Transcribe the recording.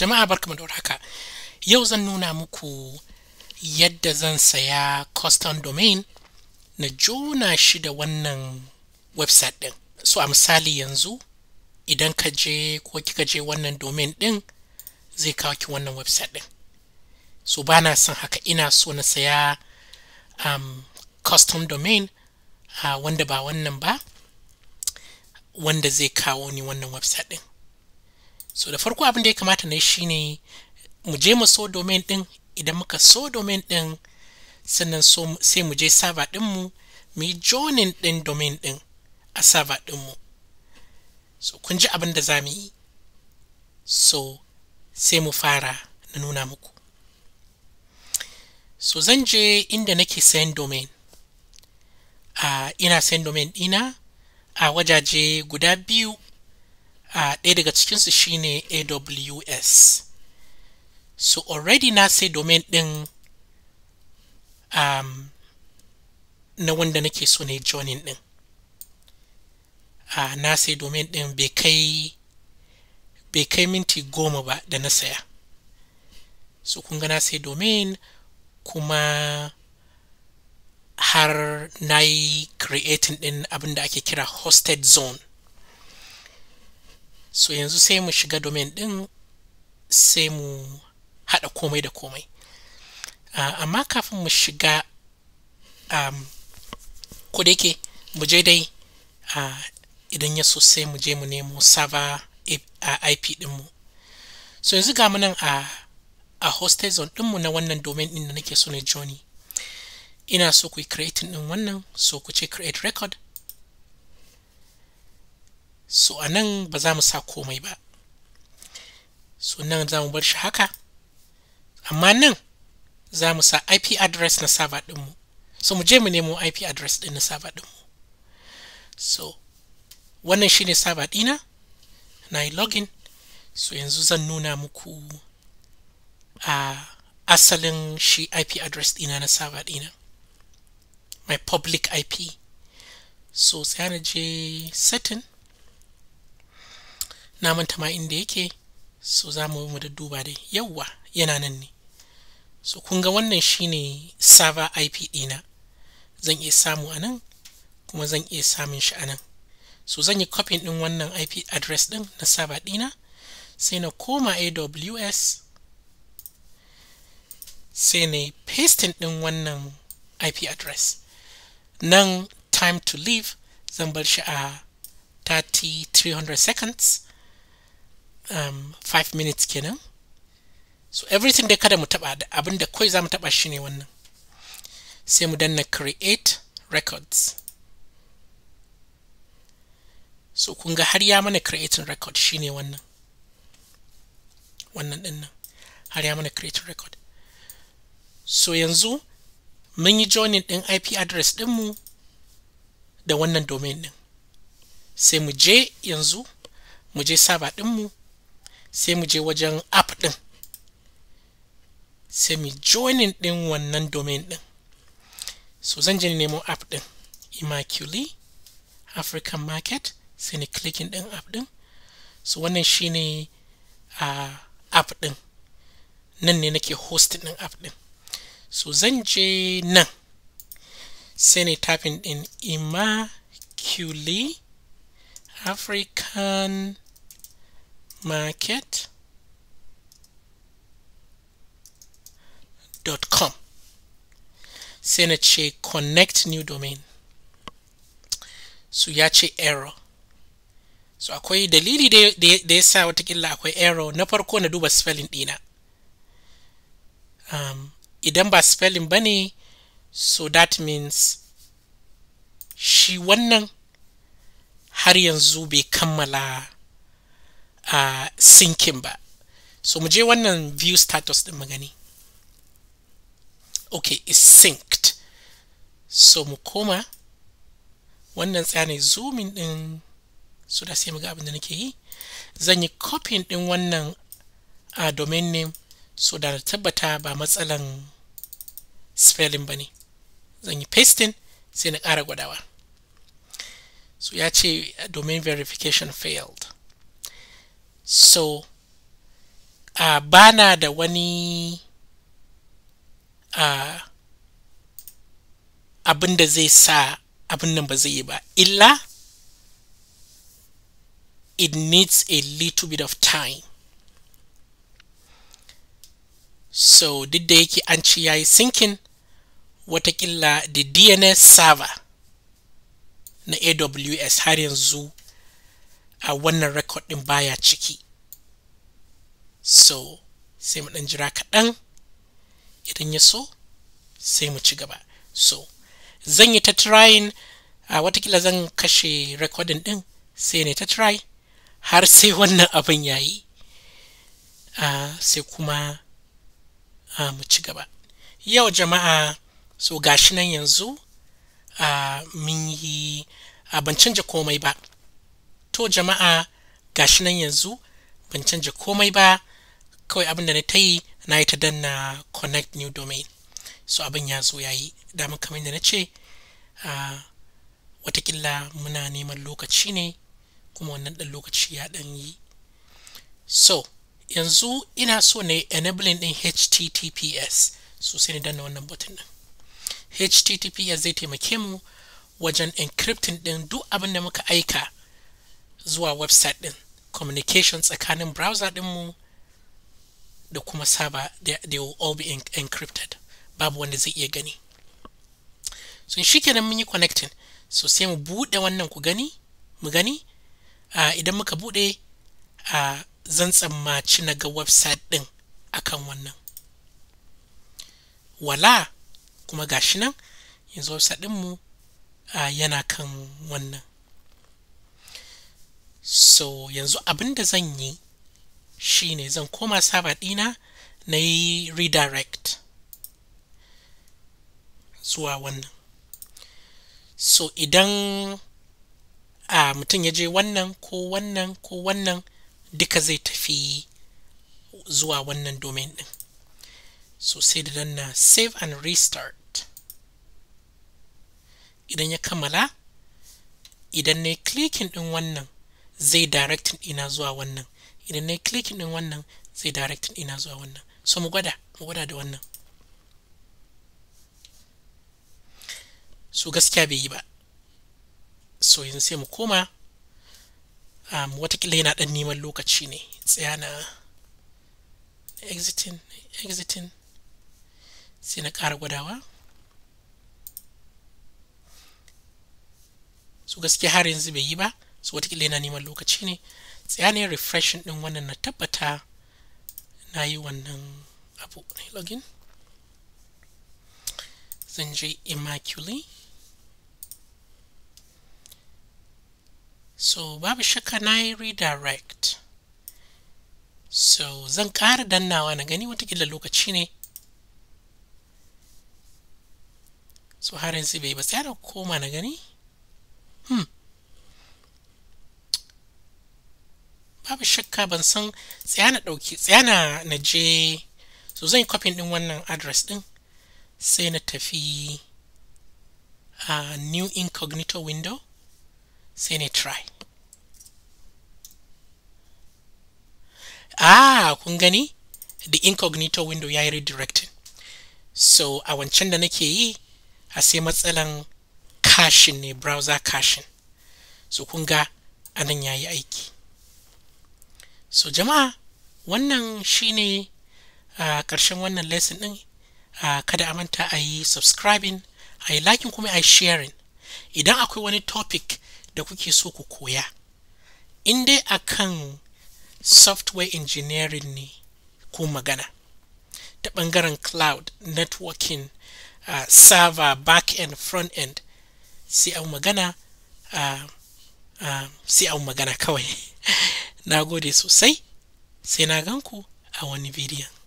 jama'a barkamu da haka yau zan nuna muku yadda zan saya custom domain na juna shi da wannan website din so a misali yanzu idan ka je ko kika je wannan domain din zai kawo ki wannan website din so ba na son haka ina so na saya um, custom domain uh, wanda ba wannan ba wanda zai kawo ni wannan website din so da farko abin da ya kamata na shi ne mu je mu so domain din idan muka so domain din sannan sai mu je server din mu yi joining din domain din a server ɗinmu so kun ji abin da za yi so sai mu fara na nuna muku so zan je inda nake sayan domain uh, ina sayan domain dina a uh, wajaje guda biyu a ɗaya daga cikinsu shine aws so already na sai domain ɗin um, na wanda nake so na joining ɗin uh, na sai domain ɗin bai kai bai kai minti goma ba da na saya so kun na sai domain kuma har na yi creating ɗin abin da ake kira hosted zone so yanzu sai mu shiga domain ɗin sai mu haɗa komai da komai uh, amma kafin mu shiga um, ko da yake mu je dai uh, idan ya so sai mu je mu nemo server uh, ah, ip ɗinmu so yanzu ga nan a uh, hostel zone ɗinmu na wannan domain ɗin da nake so ne johnny ina so ku yi creating ɗin wannan so ku ce create record so a nan ba za mu sa komai ba so nan za mu bar shi haka amma nan za mu sa ip address na server dinmu so mu je mu nemo ip address din na server dinmu so wannan shine server dina na yi login so yanzu zan nuna muku a uh, asalin shi ip address dina na server ɗina my public ip so sai na je setting na manta ma inda yake so za mu mu duba dai yawwa yana nan ne so kun ga wannan shine server IP dina zan iya samu a nan kuma zan iya samun shi a nan so zan yi copy din wannan IP address din na server dina sai na koma AWS sai na pasting din wannan IP address nan time to leave zan bar shi a 30 300 seconds um, five minutes kenan so everything dai kada mu taba abinda kawai za mu taba shi ne wannan sai mu danna create records so kun ga har ya mana creating record shi ne wannan wannan din nan har ya mana creating record so yanzu mun yi joining din IP address dinmu da wannan domain din sai mu je yanzu mu je server dinmu. sai mu je wajen app din sai mu in din wannan domain din so zan je nemo app din immaculate african market sai ni clicking din app din so wannan shine a uh, app din nan ne nake host ɗin app din so zan je nan sai ni tapping ɗin immaculate african market dot market.com sai na ce connect new domain su ya ce error so akwai dalili da ya sa watakila akwai error na farko na duba spelling dina um, idan ba spelling ba ne so that means shi wannan har yanzu bai kammala a sinking ba so mu je wannan view status din magani okay is synced so mu koma wannan tsane zooming din so da sai mu ga abin da nake yi zan yi copying din wannan a domain name so da na tabbata ba matsalan spelling ba ne zan yi pasting sai na ƙara gwadawa so ya ce domain verification failed so uh, bana da wani uh, abin da zai sa abin nan ba zai yi ba illa it needs a little bit of time so duk da yake an ci yayi sinking watakila the dns server na aws har yanzu a wannan record din baya ciki so sai mu dan jira kaɗan idan ya so sai mu ci gaba so zan yi ta trying a watakila zan kashe recording ɗin sai ne ta try har sai wannan abin yayi uh, sai kuma uh, mu ci gaba yau jama'a so gashi nan yanzu uh, mun yi uh, ban canja komai ba to jama'a ga shi nan yanzu ban canja komai ba kawai abin da na ta yi na yi ta danna connect new domain so abin ya zo ya yi dama kamar da na ce watakila muna neman lokaci ne kuma wannan ɗan lokaci ya ɗan yi so yanzu ina so ne enabling ɗin https so sai ni danna wannan button ɗin https zai taimake mu wajen encrypting ɗin duk abin da muka aika zuwa website din communication tsakanin browser dinmu da kuma server they will all be encrypted babu wanda zai iya gani so shikenan mun yi connecting so sai mu bude wannan ku gani mu gani uh, idan muka bude uh, zan tsammaci na ga website din akan wannan wala kuma gashi nan yanzu website dinmu uh, yana kan wannan so yanzu abin da zan yi shine zan koma saba dina na yi redirect zuwa wannan so idan a mutum ya je wannan ko wannan ko wannan duka zai tafi zuwa wannan domain din so sai da na save and restart idan ya kammala idan na yi clicking din wannan zai directing ina zuwa wannan idan na clicking din wannan zai directing ina zuwa wannan so mu gwada mu gwada da wannan so gaskiya bai yi ba so yanzu sai mu koma um, watakila yana dan neman lokaci ne tsaya na exiting exiting sai na ƙara gwadawa so gaskiya har yanzu bai yi ba so watakila yana neman lokaci ne tsaya ne refreshing ɗin wannan na tabbata na yi wannan abu login zan je immaculate so babu shakka na yi redirect so zan ƙara dannawa na gani wataƙila lokaci ne so har yanzu bai ba tsaya da koma na gani shakka ban san tsaya na ɗauki tsaya na na je so zan yi copy ɗin wannan address ɗin sai na tafi a new incognito window sai na try ah kun gani the incognito window ya yi redirecting so a wancan da nake yi a sai matsalan caching ne browser caching so kun ga anan ya yi aiki so jama'a wannan shine a ƙarshen wannan lesson ɗin kada a manta a yi subscribing a yi liking kuma a yi sharing idan akwai wani topic da kuke so ku koya in dai a kan software engineering ne ko magana ta ɓangaren cloud networking uh, server back-end front-end sai au magana uh, uh, sai au magana kawai na gode sosai sai na ganku a wani bidiyon